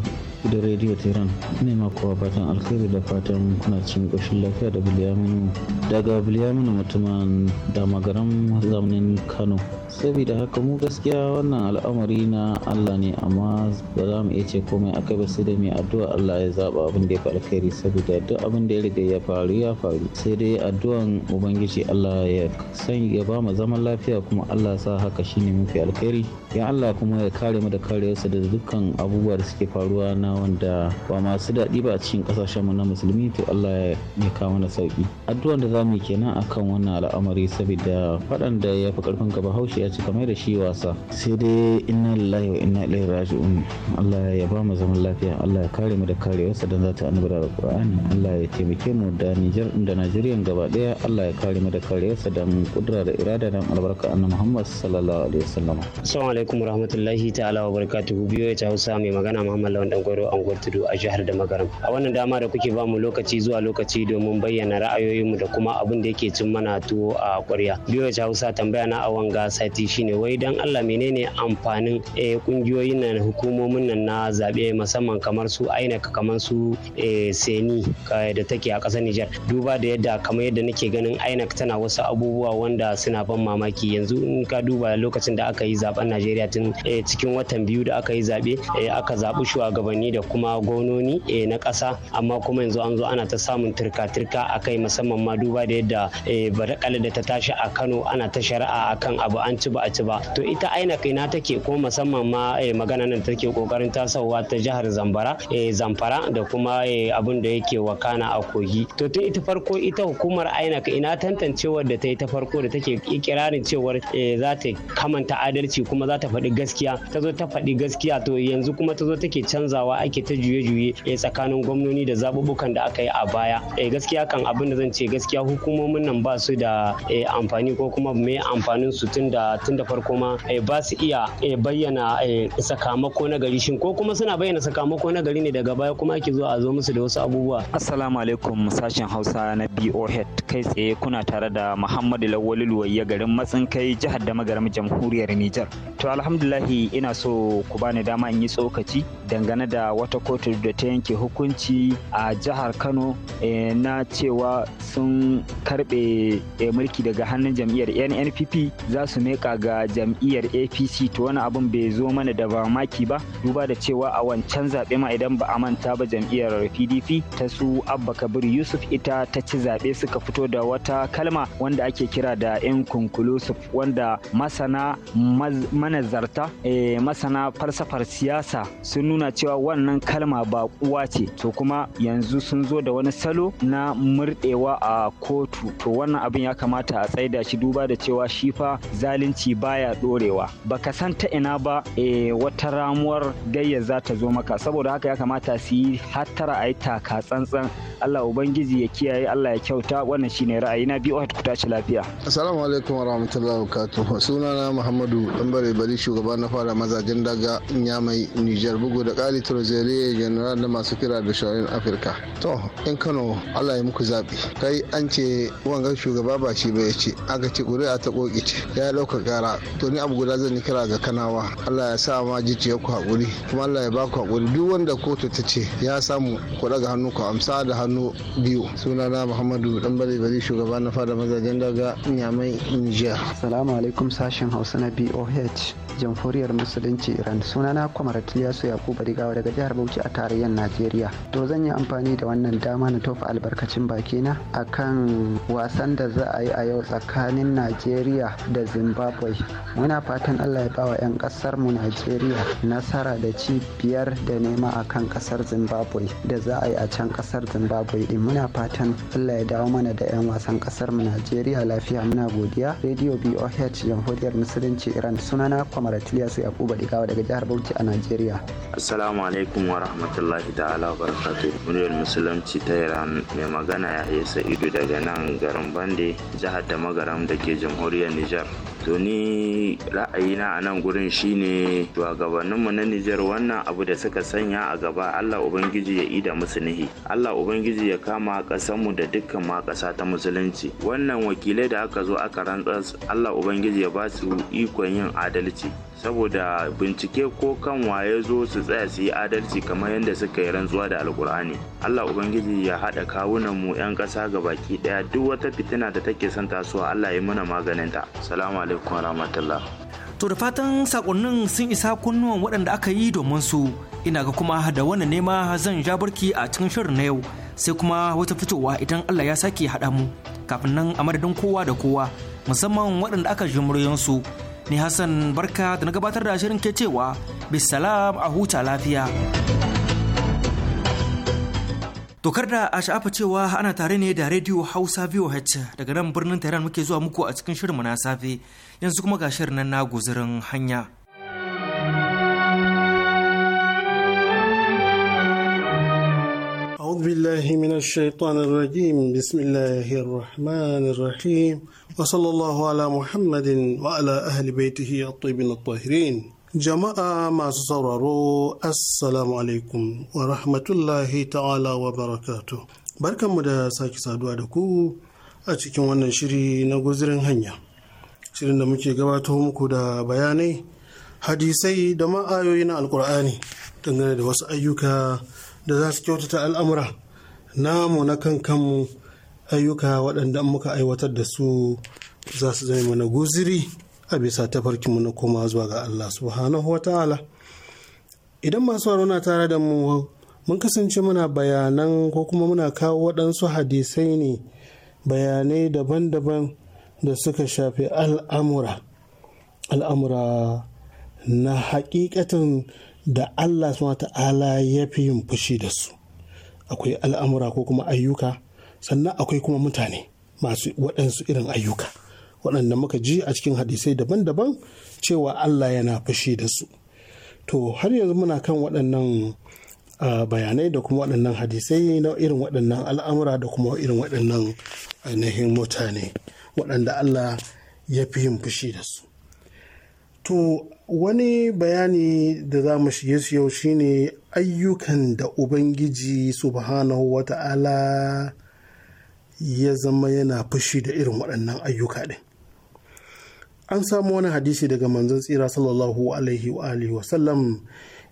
gidan rediyo tehran ne ma kowa fatan alkhairi da fatan kuna cikin ƙoshin lafiya da biliyaminu daga biliyaminu mutumin damagaran zamanin kano saboda haka mu gaskiya wannan al'amari na allah ne amma ba za mu iya ce komai akai ba sai da mai addu'a allah ya zaba abin da ya fi alkhairi saboda duk abin da ya riga ya faru ya faru sai dai addu'an ubangiji allah ya san ya ba mu zaman lafiya kuma allah sa haka shine mafi alkhairi ya Allah kuma ya kare mu da karewarsa da dukkan abubuwa da suke faruwa na wanda ba masu daɗi ba a cikin ƙasashenmu na musulmi to Allah ya kawo mana sauki addu'an da zamu yi kenan akan wannan al'amari saboda faɗan da ya fi ƙarfin gaba haushi ya ci kamar da shi wasa sai dai inna lillahi wa inna ilaihi raji'un Allah ya ba mu zaman lafiya Allah ya kare mu da karewarsa dan zata annabi da Qur'ani Allah ya taimake mu da Niger da Najeriya gaba daya Allah ya kare mu da karewarsa dan kudura da irada dan albarka annabi Muhammad sallallahu alaihi wasallam assalamu alaikum rahmatullahi ta'ala wa barakatuhu biyo ya hausa mai magana Muhammad Lawan gwaro an Tudu a jihar da Magaram. A wannan dama da kuke bamu lokaci zuwa lokaci domin bayyana ra'ayoyinmu da kuma abin da yake cin mana tuwo a kwarya Biyo ya hausa tambaya na a wanga sati shine wai dan Allah menene amfanin kungiyoyin eh, nan hukumomin nan na zabe musamman kamar su INEC kamar su eh, Seni da take a ƙasar Nijar. Duba da yadda kamar yadda nake ganin INEC tana wasu abubuwa wanda suna ban mamaki yanzu in ka duba lokacin da aka yi zaben Najeriya najeriya tun eh, cikin watan biyu da aka yi zaɓe eh, aka zaɓi shugabanni da kuma gononi eh, na ƙasa amma kuma yanzu an zo ana ta samun turka-turka a kai musamman ma duba da yadda barakala da ta tashi a kano ana ta shari'a akan abu an ci ba a ci ba to ita aina ina take ko musamman ma magana nan take kokarin tasowa ta jihar zamfara zamfara da kuma abin da yake wakana a kogi to tun ita farko ita hukumar aina ina tantancewar da ta yi ta farko da take ikirarin cewar za ta kamanta adalci kuma za za ta faɗi gaskiya ta zo ta faɗi gaskiya to yanzu kuma ta zo take canzawa ake ta juye-juye eh, tsakanin gwamnoni da zaɓuɓɓukan da aka yi a baya eh, gaskiya kan abin da zan ce gaskiya hukumomin nan ba su da eh, amfani ko kuma me amfanin su tun da tun da farko ma ba su iya bayyana sakamako na gari shin ko kuma suna bayyana sakamako na gari ne daga baya kuma ake zo a zo musu da wasu abubuwa assalamu alaikum sashen hausa na boh kai tsaye kuna tare da muhammadu lawal luwayya garin matsinkai jihar da magaram jamhuriyar Niger? to alhamdulahi ina so ku bani dama in yi tsokaci dangane da wata kotu da ta yanke hukunci a jihar kano eh, na cewa sun karbe eh, mulki daga hannun jam'iyyar nnpp za su meka ga jam'iyyar apc to wani abin bai zo mana da ba maki ba duba da cewa a wancan zaɓe ma idan ba a manta ba jam'iyyar pdp ta su abba kabir yusuf ita ta ci zaɓe suka fito da wata kalma wanda ake kira da Kunkulusuf wanda masana mana zarta eh, masana falsafar siyasa sun nuna cewa wannan kalma ba kuwa ce to kuma yanzu sun zo da wani salo na murɗewa a kotu to wannan abin ya kamata a tsaida shi duba da cewa shi fa zalunci baya ɗorewa ka san ta ina ba e, wata ramuwar gayya za ta zo maka saboda haka ya kamata su yi hattara a yi taka tsantsan Allah ubangiji ya kiyaye Allah ya kyauta wannan shine ra'ayi na biyu ku tashi lafiya assalamu alaikum warahmatullahi wabarakatuh sunana Muhammadu Dambare bari shugaba na fara mazajen daga mai nijar bugu da kari turzere general da masu kira da shawarin afirka to in kano allah ya muku zaɓi kai an ce wanga shugaba ba shi bai ce aka ce a ta ƙoƙi ce ya ɗauka gara to ni abu guda zan yi kira ga kanawa allah ya sa ma jijiyar ku haƙuri kuma allah ya ba ku haƙuri duk wanda kotu ta ce ya samu ku ɗaga hannu ku amsa da hannu biyu sunana muhammadu dan bari bari shugaba na fara mazajen daga mai nijar salamu alaikum sashen hausa na boh jamhuriyar musulunci iran sunana kwamarat liyasu yakubu rigawa daga jihar bauchi a tarayyar najeriya to zan yi amfani da wannan dama na tofa albarkacin baki bakina akan wasan da za a yi a yau tsakanin najeriya da zimbabwe muna fatan allah ya bawa 'yan kasar mu najeriya nasara da ci biyar da nema a kan kasar zimbabwe da za a yi a can kasar zimbabwe din muna fatan allah ya dawo mana da 'yan wasan kasar mu najeriya lafiya muna godiya radio boh jamhuriyar musulunci iran sunana sunana kwamar tiliyasu yakuba digawa daga jihar bauchi a najeriya assalamu alaikum wa rahmatullahi ta'ala wa barakatu muryar musulunci ta iran mai magana ya sa'idu daga nan garin bande jihar da magaram da ke jamhuriyar nijar to ni ra'ayina a nan gurin shine shugabanninmu na Nijar wannan abu da suka sanya a gaba Allah Ubangiji ya ida musu nihi Allah Ubangiji ya kama ƙasarmu da dukkan ma ƙasa ta musulunci wannan wakilai da aka zo aka rantsar Allah Ubangiji ya ba su ikon yin adalci saboda bincike ko kan ya zo su tsaya su yi adalci kamar yadda suka yi rantsuwa da alkur'ani allah ubangiji ya haɗa kawunan mu 'yan ƙasa ga baki ɗaya duk wata fitina da take son tasowa allah ya yi mana ta salamu alaikum rahmatullah to da fatan sakonnin sun isa kunnuwan waɗanda aka yi domin su ina ga kuma da wani nema zan ja barki a cikin shirin na yau sai kuma wata fitowa idan allah ya sake haɗa mu kafin nan a madadin kowa da kowa musamman waɗanda aka jimuriyansu su Ni Hassan barka da na gabatar da shirin ke cewa bisalam a huta lafiya. tokar da a sha'afa cewa ana tare ne da Radio Hausa VOH daga nan birnin Tehran muke zuwa muku a cikin shirin na safe yanzu kuma ga shirin nan na guzurin hanya. الشيطان الرجيم بسم الله الرحمن الرحيم وصلى الله على محمد وعلى أهل بيته الطيبين الطاهرين jama'a masu sauraro assalamu alaikum wa rahmatullahi ta'ala wa barakatu barkanmu da sake saduwa da ku a cikin wannan shiri na guzirin hanya shirin da muke gabata muku da bayanai hadisai da ma'ayoyi na alkur'ani dangane da wasu ayyuka da za su kyautata al'amura namu na kan kanmu ayyuka waɗanda muka aiwatar da su za su zama mana guziri a bisa tafarkinmu na koma zuwa ga Allah subhanahu wa ta'ala idan masu na tare da mu mun kasance muna bayanan ko kuma muna kawo waɗansu hadisai ne bayanai daban-daban da suka shafi al'amura al'amura na hakikatin da Allah subhanahu wa ta'ala ya fi yin fushi da su akwai al'amura ko kuma ayyuka sannan akwai kuma mutane masu waɗansu irin ayyuka waɗanda muka ji a cikin hadisai daban-daban cewa Allah yana fushi da su to har yanzu muna kan waɗannan bayanai da kuma waɗannan hadisai na irin waɗannan al'amura da kuma irin waɗannan ainihin mutane waɗanda Allah ya fi yin fushi da su to wani bayani da za mu shige su yau shine ayyukan da ubangiji subhanahu wa ta'ala ya zama yana fushi da irin waɗannan ayyuka ɗin an samu wani hadisi daga manzon tsira sallallahu alaihi wa alihi wasallam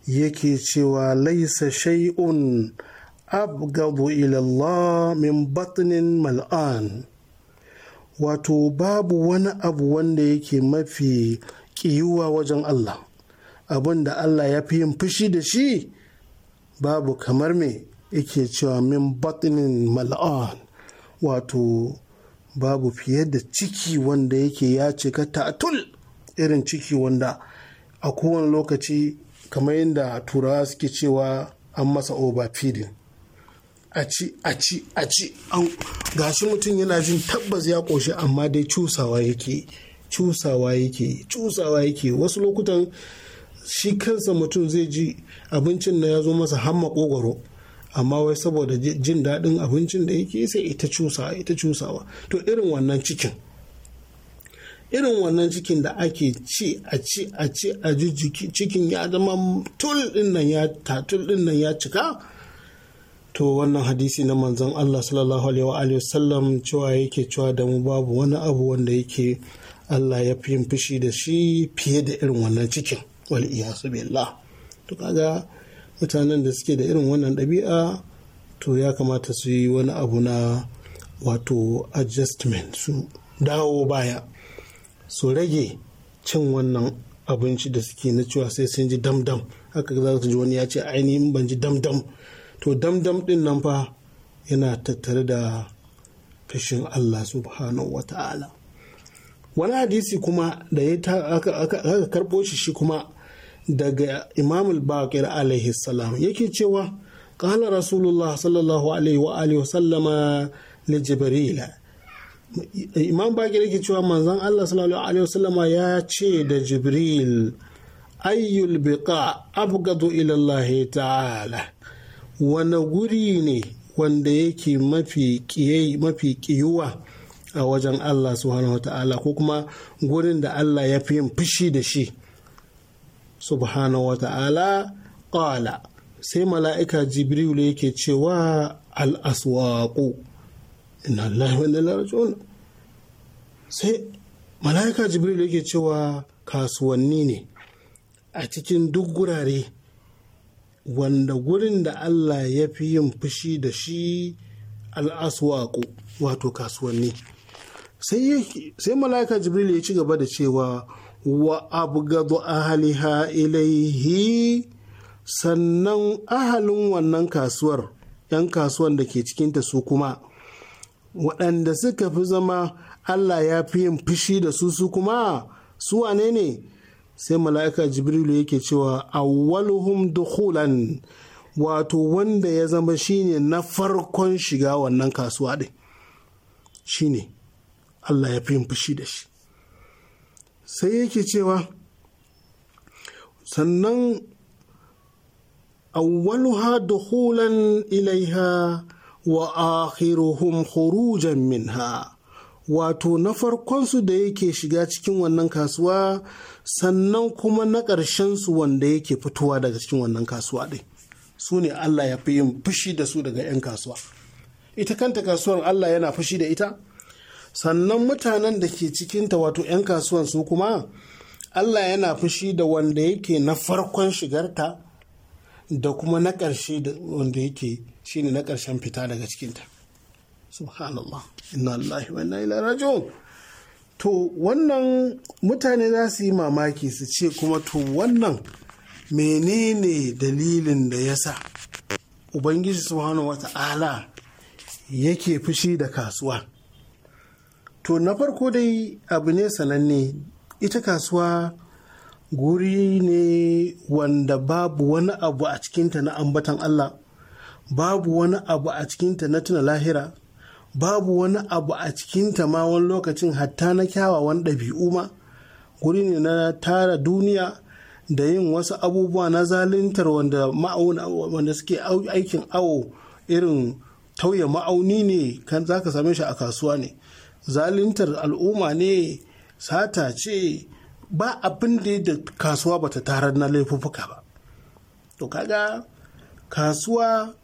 yake cewa laisa shay'un abgadu ila Allah min batnin mal'an wato babu wani abu wanda yake mafi ke yiwuwa wajen Allah abin da Allah ya fi yin fushi da shi babu kamar me yake cewa min batinin mal'an wato babu fiye da ciki wanda yake ya ka ta'atul irin ciki wanda a kowane lokaci kamar yadda turawa suke cewa an masa overfeeding a ci a ci a ci an gashi mutum yana jin tabbas ya ƙoshi amma dai cusawa yake yi. cusawa yake cusawa yake wasu lokutan shi kansa mutum zai ji abincin na ya zo masa hamma kogoro amma wai saboda jin daɗin abincin da yake sai ita cusawa ita cusawa to irin wannan cikin irin wannan cikin da ake ci a ci a ci a ji cikin ya zama tul din nan ya din nan ya cika to wannan hadisi na manzon Allah sallallahu alaihi wa alihi wasallam cewa yake cewa da mu babu wani abu wanda yake Allah ya fi yin fushi da shi fiye da irin wannan cikin wal iyasu billah to kaga mutanen da suke da irin wannan ɗabi'a to ya kamata su yi wani abu na wato adjustment su dawo baya su rage cin wannan abinci da suke na cewa sai sun ji damdam haka za su ji wani ya ce ainihin ban ji damdam to damdam din nan fa yana tattare da fashin Allah subhanahu wa ta'ala wani hadisi kuma da ya aka karɓo shi shi kuma daga imam al-baqir alaihi salam yake cewa qala rasulullah sallallahu alaihi wa alihi wa sallama li jibril imam baqir yake cewa manzon Allah sallallahu alaihi wa sallama ya ce da jibril ayyul biqa abgadu ila Allah ta'ala wani guri ne wanda yake mafi mafi kiyuwa a wajen Allah subhanahu wata'ala ko kuma gurin da Allah ya fi yin fushi da shi subhanahu wata'ala ƙala sai mala'ika jibrilu yake cewa al'aswaƙo inna Allah wa wani. sai mala'ika jibrilu yake cewa kasuwanni ne a cikin duk gurare wanda gurin da Allah ya fi yin fushi da shi al'aswaƙo wato kasuwanni sai mala'ika jibril ya ci gaba da cewa wa abgadu ahaliha ilaihi sannan ahalin wannan kasuwar 'yan kasuwan da ke cikinta su kuma waɗanda suka fi zama allah ya fi yin fushi da su su kuma su wane ne sai mala'ika jibrilu yake cewa awwaluhum dukhulan wato wanda ya zama shine na farkon shiga wannan kasuwa ɗin shine Allah ya fi yin fushi da shi sai yake cewa sannan awwaluha duhulan ilaiha wa akhiruhum khurujan minha wato na farkonsu da yake shiga cikin wannan kasuwa sannan kuma na ƙarshensu wanda yake fitowa daga cikin wannan kasuwa ɗin su ne Allah ya fi yin fushi da su daga 'yan kasuwa ita kanta kasuwar Allah yana fushi da ita sannan mutanen da ke cikinta wato 'yan kasuwan su kuma Allah yana fushi da wanda yake na farkon shigarta da kuma na ƙarshe wanda yake ne na ƙarshen fita daga cikinta subhanallah inna Allah wa wani ilaihi to wannan mutane za su yi mamaki su ce kuma to wannan menene dalilin da ya sa ubangiji subhanahu ta'ala yake fushi da kasuwa to na farko dai abu ne sananne ita kasuwa guri ne wanda babu wani abu a cikinta na ambatan Allah babu wani abu a cikinta na tuna lahira babu wani abu a cikinta ma wani lokacin hatta na kyawawan ɗabi'u ma guri ne na tara duniya da yin wasu abubuwa na zalintar wanda wanda suke aikin awo irin tauye ma'auni ne kan zaka same shi a kasuwa ne zalintar al'umma ne sata ce ba abin da kasuwa bata tarar na laifuffuka ba to kaga kasuwa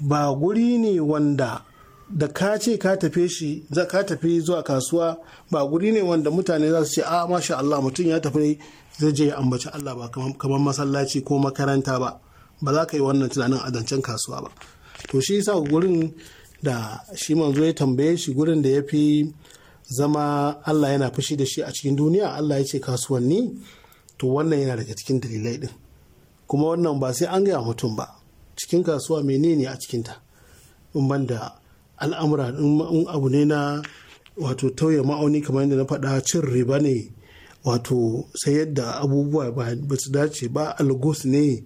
ba guri ne wanda da ka ce ka tafe shi za ka tafi zuwa kasuwa ba guri ne wanda mutane za su ce a ah, masha Allah mutum ya tafi zai je ya ambaci Allah ba kamar masallaci ko makaranta ba ba za ka yi wannan tunanin a kasuwa ba to shi yasa gurin da shi manzo ya tambaye shi gurin da ya fi zama Allah yana fushi da shi a cikin duniya Allah ya ce kasuwanni to wannan yana daga cikin dalilai din kuma wannan ba sai an gaya mutum ba cikin kasuwa menene a cikinta in ban da al'amura in abu ne na wato tauye ma'auni kamar yadda na faɗa cin riba ne wato sayar da abubuwa ba su dace ba algos ne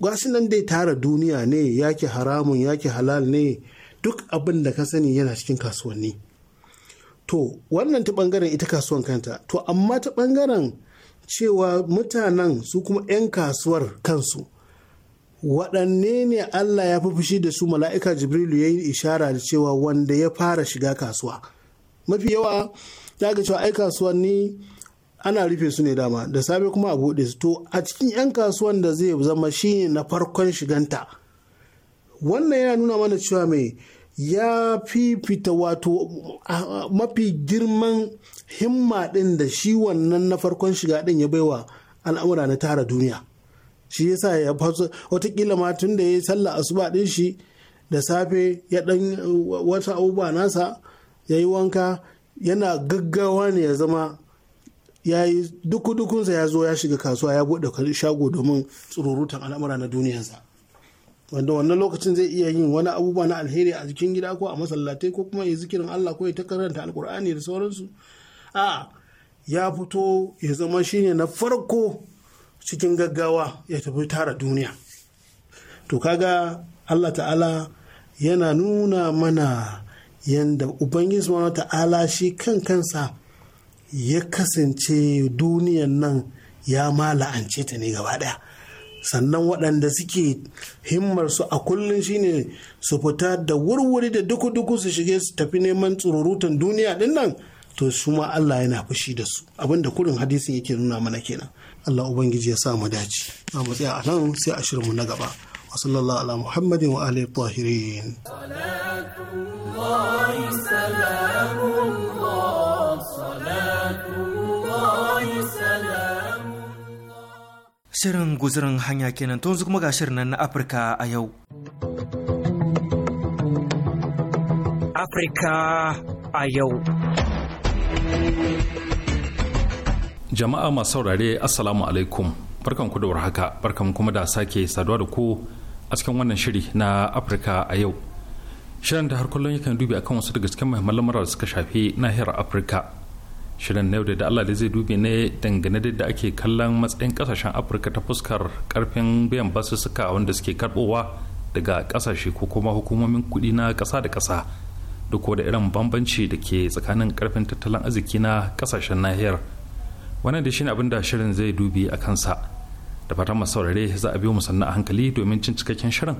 gasu nan dai tara duniya ne yake haramun yake halal ne duk abin da ka sani yana cikin kasuwanni to wannan ta bangaren ita kasuwan kanta to amma ta bangaren cewa mutanen su kuma 'yan kasuwar kansu waɗanne ne Allah ya fi fushi da su mala'ika Jibrilu ya yi ishara da cewa wanda ya fara shiga kasuwa mafi yawa ya ga cewa ai kasuwanni ana rufe su ne dama da safe kuma a buɗe su to a cikin 'yan kasuwan da zai zama shi na farkon shiganta wannan yana nuna mana cewa mai ya fifita wato mafi girman himma ɗin da shi wannan na farkon shiga ɗin ya baiwa al'amura na tara duniya shi ya sa ya faso watakila ma tun da ya yi sallah asuba ɗin shi da safe ya dan wata abubuwa nasa ya yi wanka yana gaggawa ne ya zama ya yi duku-dukunsa ya zo ya shiga kasuwa ya buɗe shago domin tsururutan al'amura na duniyarsa wanda wannan lokacin zai iya yin wani abubuwa na alheri a jikin gida ko a masallatai ko kuma ya zikirin Allah ko ya ta karanta alkur'ani da sauransu a ya fito ya zama shine na farko cikin gaggawa ya tafi tara duniya to kaga Allah ta'ala yana nuna mana yanda ubangiji subhanahu ta'ala shi kan kansa ya kasance duniyan nan ya ma la'ance ta ne gaba daya sannan waɗanda suke himmarsu a kullum shine su fita da wurwuri da duku-duku su shige su tafi neman tsururutan duniya din nan to su ma Allah yana fushi da su abinda kurin hadisin yake nuna mana kenan Allah ubangiji ya sa mu dace a mu tsaya a nan sai a shirinmu na gaba wa sallallahu ala muhammadin wa alihi tahirin Shirin guzurin hanya kenan tun kuma ga shirin nan na Afirka a yau. Afirka a yau. Jama'a masu saurare Assalamu alaikum. Barkan ku da warhaka, barkan kuma da sake saduwa da ku a cikin wannan shiri na Afirka a yau. Shirin da har kullum yakan dubi akan wasu daga cikin muhimman lamura da suka shafi nahiyar Afirka. shirin na yau da Allah da zai dubi ne dangane da ake kallon matsayin kasashen afirka ta fuskar karfin biyan basussuka wanda suke karbowa daga kasashe ko kuma hukumomin kuɗi na kasa da kasa duk da irin bambanci da ke tsakanin karfin tattalin arziki na kasashen nahiyar wannan da shine abin da shirin zai dubi a kansa da fatan mu saurare za a biyo mu sannan a hankali domin cin cikakken shirin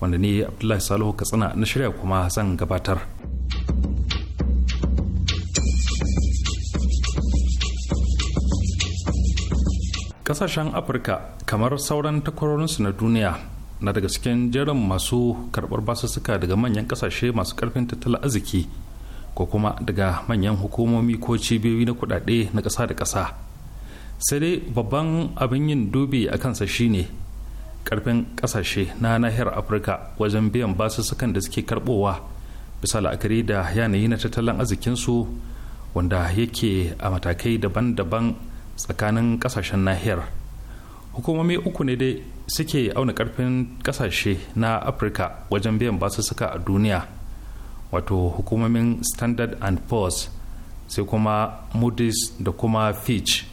wanda ne abdullahi salihu katsina na shirya kuma zan gabatar. kasashen afirka kamar sauran takwarorinsu na duniya na daga cikin jerin masu karɓar basussuka daga manyan kasashe masu karfin tattalin arziki ko kuma daga manyan hukumomi ko cibiyoyi na kudade na ƙasa da ƙasa sai dai babban abin yin dubi a kansa shine karfin kasashe na nahiyar afirka wajen biyan basussukan da suke karɓowa bisa la'akari da yanayi na tattalin arzikinsu wanda yake a matakai daban-daban tsakanin kasashen nahiyar hukumomi uku ne dai suke auna karfin kasashe na afirka wajen biyan basu basussuka a duniya wato hukumomin standard and poor's sai kuma moody's da kuma fitch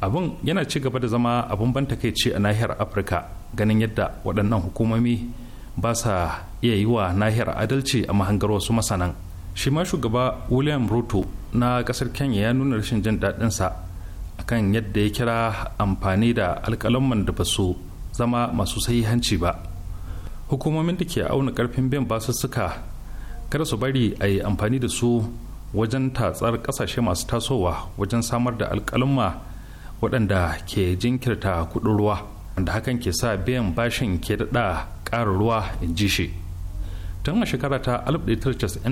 abin yana ci gaba da zama abin ban takaici a nahiyar afirka ganin yadda waɗannan hukumomi ba sa iya yi wa nahiyar adalci a mahangar wasu masanan shi ma shugaba william ruto na ƙasar kenya ya nuna rashin jin daɗinsa akan yadda ya kira amfani da alƙalamman da ba su zama masu sahihanci ba hukumomin da ke auna karfin bin basussuka kada su bari a yi amfani da su wajen tatsar ƙasashe masu tasowa wajen samar da alƙalamma waɗanda ke jinkirta kuɗin ruwa wanda hakan ke sa biyan bashin ke daɗa ƙara ruwa in ji shi tun a shekara ta 1994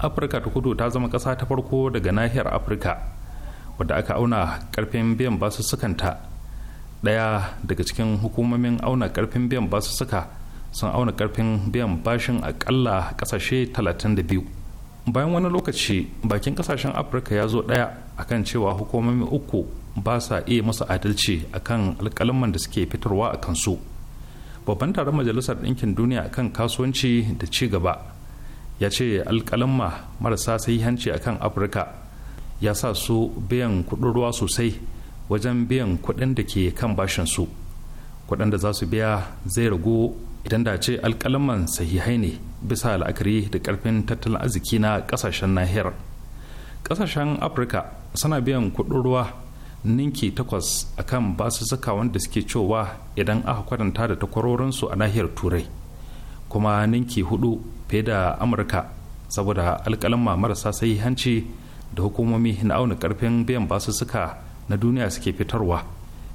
afirka ta kudu ta zama ƙasa ta farko daga nahiyar afirka wadda aka auna karfin biyan basussukanta daya daga cikin hukumomin auna karfin biyan basussuka sun auna karfin biyan bashin akalla ƙasashe 32 bayan wani lokaci bakin ƙasashen afirka ya zo ɗaya akan cewa hukumomi uku ba sa iya masu adalci akan alkalman da suke fitarwa a kansu babban taron majalisar ɗinkin duniya akan kasuwanci da ci gaba ya ce alƙalamma marasa sahihanci akan afirka ya sa su biyan kuɗin ruwa sosai wajen biyan kuɗin da ke kan bashin su kuɗin da za su biya zai ragu idan da ce alkalaman sahihai ne bisa la'akari da karfin tattalin arziki na ƙasashen nahiyar ƙasashen afirka suna biyan kuɗin ruwa ninki takwas a akan basussuka wanda suke cewa idan aka kwadanta da takwarorinsu a nahiyar turai kuma ninki hudu fiye da amurka saboda alkalama marasa sahihanci hanci da hukumomi na auna karfin biyan basussuka na duniya suke fitarwa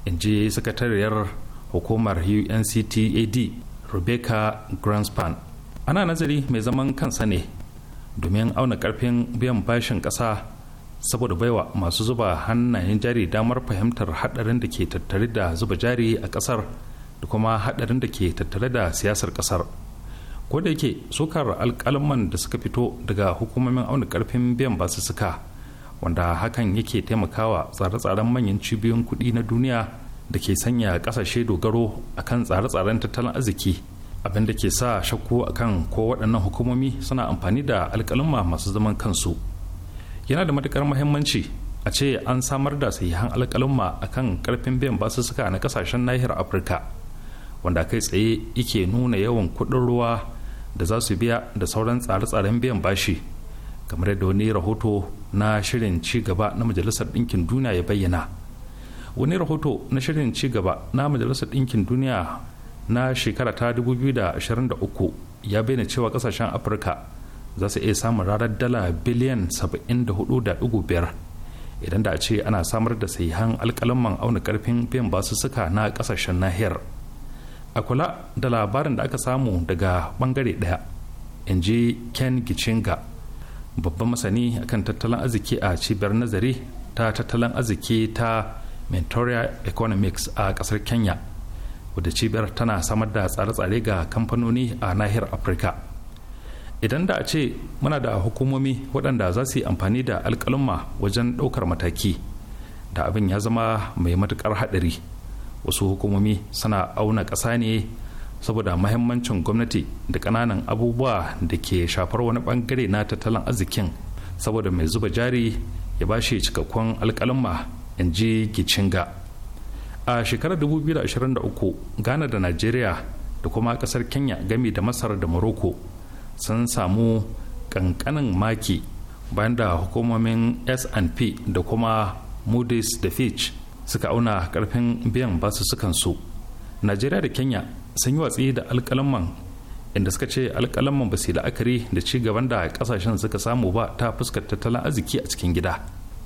in ji sakatariyar hukumar unctad rebecca granspan ana nazari mai zaman kansa ne domin auna karfin biyan bashin kasa saboda baiwa masu zuba hannayen jari damar fahimtar hadarin da ke tattare da zuba jari a kasar da kuma hadarin da ke tattare da siyasar kasar. da yake sukar alkalman da suka fito daga hukumomin auna karfin biyan basussuka wanda hakan yake taimakawa tsare-tsaren manyan cibiyoyin kuɗi na duniya da ke sanya ƙasashe dogaro akan tsare-tsaren tattalin arziki abin da ke sa shakku akan ko waɗannan hukumomi suna amfani da alkalma masu zaman kansu yana da matukar muhimmanci a ce an samar da sahihan alkalma akan karfin biyan basussuka na ƙasashen nahiyar afirka wanda kai tsaye yake nuna yawan kuɗin ruwa da za su biya da sauran tsare-tsaren biyan bashi kamar yadda wani rahoto na shirin ci gaba na majalisar ɗinkin duniya ya bayyana wani rahoto na shirin ci gaba na majalisar ɗinkin duniya na shekara ta 2023 ya bayyana cewa kasashen afirka za su iya samun ranar dala biliyan 74.5 idan da a ce ana samar da sahihan alkalaman auna karfin biyan basussuka na kasashen nahiyar a kula da labarin da aka samu daga bangare daya in ji ken gicinga babban masani akan tattalin arziki a cibiyar nazari ta tattalin arziki ta mentoria economics a kasar kenya wadda cibiyar tana samar da tsare-tsare ga kamfanoni a nahiyar afirka idan da a ce muna da hukumomi waɗanda za su yi amfani da alƙalumma wajen ɗaukar mataki da abin ya zama mai matuƙar haɗari wasu hukumomi suna auna ƙasa ne saboda mahimmancin gwamnati da ƙananan abubuwa da ke shafar wani bangare na tattalin arzikin saboda mai zuba jari ya ba shi cikakkun alƙalamma in ji gicinga a shekarar 2023 ghana da najeriya da kuma ƙasar kenya gami da masar da morocco sun samu ƙanƙanin maki bayan da hukumomin s&p da kuma moody's da fitch suka auna karfin biyan basussukansu najeriya da kenya sun yi watsi da alkalaman inda suka ce alkalaman ba su la'akari da ci gaban da kasashen suka samu ba ta fuskar tattalin arziki a cikin gida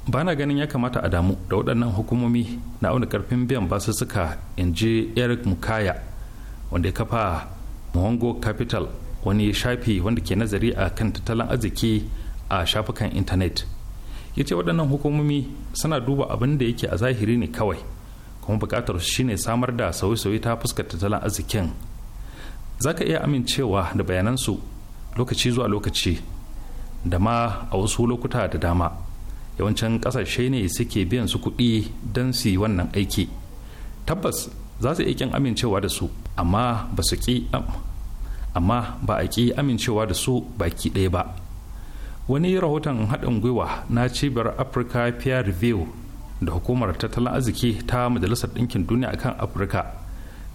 ba na ganin ya kamata a damu da waɗannan hukumomi na auna karfin biyan basussuka in ji eric mukaya wanda ya kafa mongo capital wani shafi wanda ke nazari a kan tattalin arziki a shafukan intanet ya ce waɗannan hukumomi suna duba abin da yake a zahiri ne kawai kuma buƙatar su shine samar da sauye-sauye ta fuskar tattalin arzikin za ka iya amincewa da bayanansu lokaci zuwa lokaci da ma a wasu lokuta da dama yawancin ƙasashe ne suke biyan su kuɗi don su yi wannan aiki tabbas za su iya amincewa da su amma ba su ƙi amma ba a ƙi amincewa da su baki ɗaya ba wani rahoton haɗin gwiwa na cibiyar africa peer review da hukumar tattalin arziki ta majalisar ɗinkin duniya akan afirka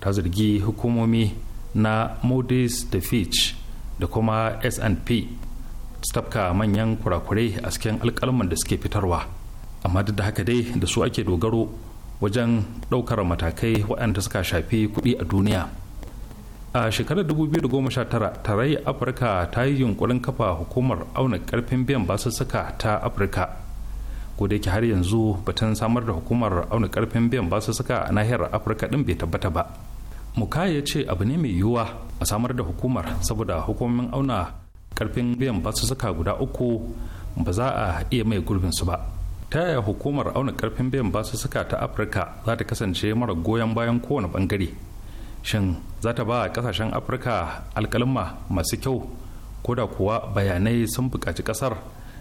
ta zargi hukumomi na moody's da fitch da kuma S&P stafka manyan kurakurai a cikin alkalman da suke fitarwa amma duk da haka dai da su ake dogaro wajen ɗaukar matakai waɗanda suka shafi kuɗi a duniya a shekarar 2019 tarayyar afirka ta yi yunkurin kafa hukumar auna karfin biyan basussuka ta afirka yake har yanzu batun samar da hukumar auna karfin biyan basussuka a nahiyar afirka din bai tabbata ba muka ya ce abu ne mai yiwuwa a samar da hukumar saboda hukumomin auna karfin biyan basussuka guda uku ba za a iya mai gurbin su ba ta yaya hukumar auna karfin biyan basussuka ta afirka za ta kasance mara goyon bayan kowane bangare shin za ta ba kasashen afirka alkalma masu kyau ko da kuwa bayanai sun buƙaci ƙasar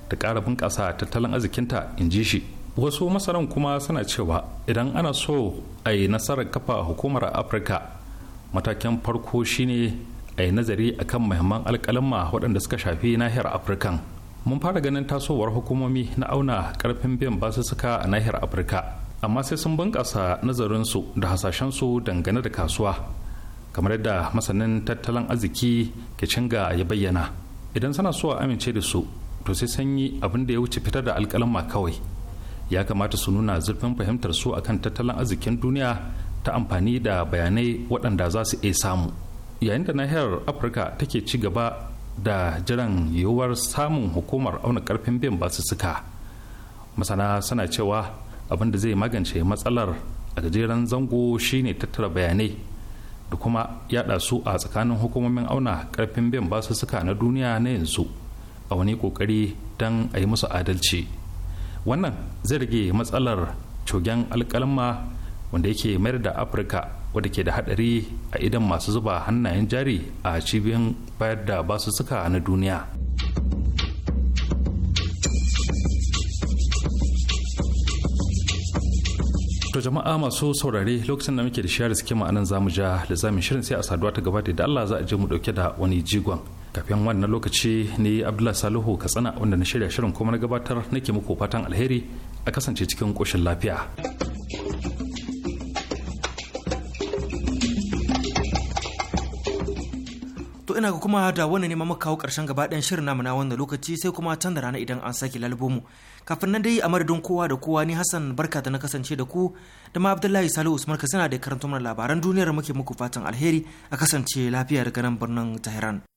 da ƙara bunƙasa tattalin arzikinta in ji shi wasu masanan kuma suna cewa idan ana so a yi nasarar kafa hukumar afirka matakin farko shine a yi nazari akan muhimman alkalma waɗanda suka shafi nahiyar afirkan mun fara ganin tasowar hukumomi na auna ƙarfin biyan basussuka a nahiyar afirka amma sai sun bunƙasa nazarinsu da hasashensu dangane da kasuwa kamar yadda masanin tattalin arziki ke canga ya bayyana idan suna so a amince da su to sai sanyi abin da ya wuce fitar da alkalama kawai ya kamata su nuna zurfin fahimtar su akan tattalin arzikin duniya ta amfani da bayanai waɗanda za su iya samu yayin da nahiyar afirka take ci gaba da jiran yiwuwar samun hukumar auna karfin bin suka masana suna cewa abin da zai magance matsalar a gajeren zango shine tattara bayanai da kuma yada su a tsakanin hukumomin auna karfin biyan basussuka na duniya na yanzu a wani kokari don a yi musu adalci wannan zai rage matsalar cogen alkalma wanda yake mayar da afirka wadda ke da hadari a idan masu zuba hannayen jari a cibiyan bayar da basussuka na duniya. to jama'a masu saurare lokacin da muke da share suke ma'anan zamu ja da zamu shirin sai a saduwa ta gaba da Allah za a je mu dauke da wani jigon kafin wannan lokaci ne Abdullahi Salihu Katsina wanda na shirya shirin kuma na gabatar nake muku fatan alheri a kasance cikin koshin lafiya. To ina ga kuma da wani ne muka kawo karshen gaba ɗayan shirin namu na wannan lokaci sai kuma can da rana idan an sake lalbomu. Kafin nan dai a madadin kowa da kowa ni Hassan barka da na kasance da ku da ma Abdullahi Salihu Usman ka sana da karanto mana labaran duniyar muke muku fatan alheri a kasance lafiya daga nan birnin Tehran.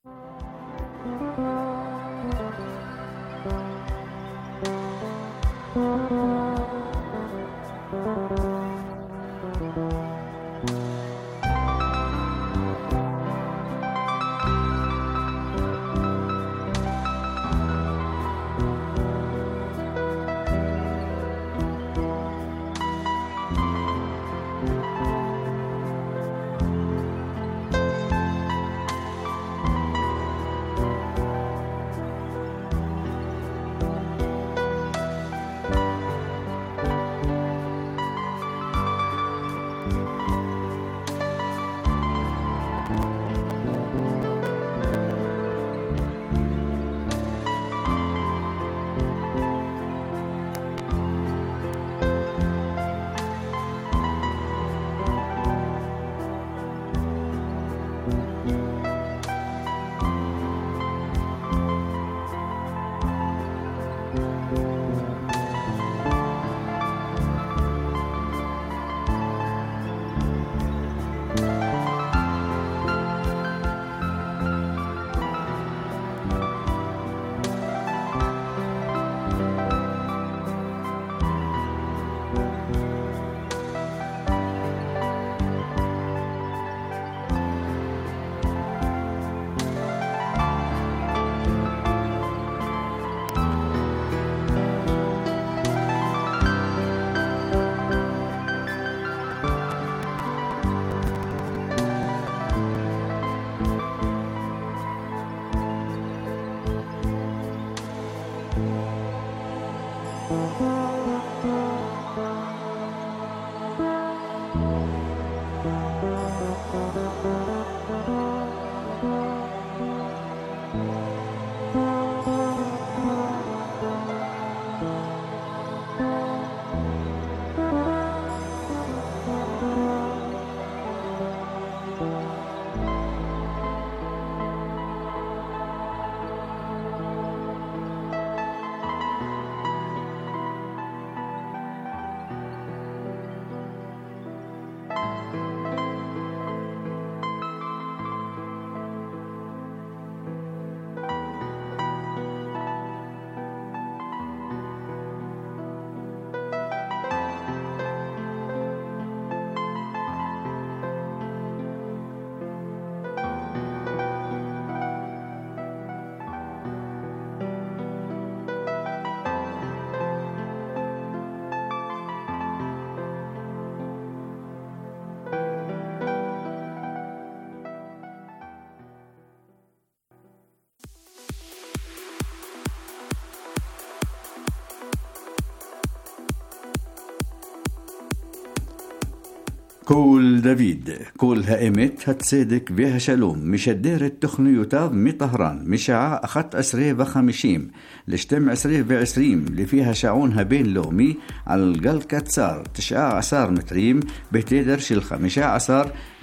كول دافيد كول هائمت هتسيدك بها شلوم مش الدير التخني يتاب مي طهران عا أخت أسري بخمشيم لشتم أسري بعسريم اللي فيها شعونها بين لومي على القل كتسار تشعى عصار متريم بتدرش الخمشة عصار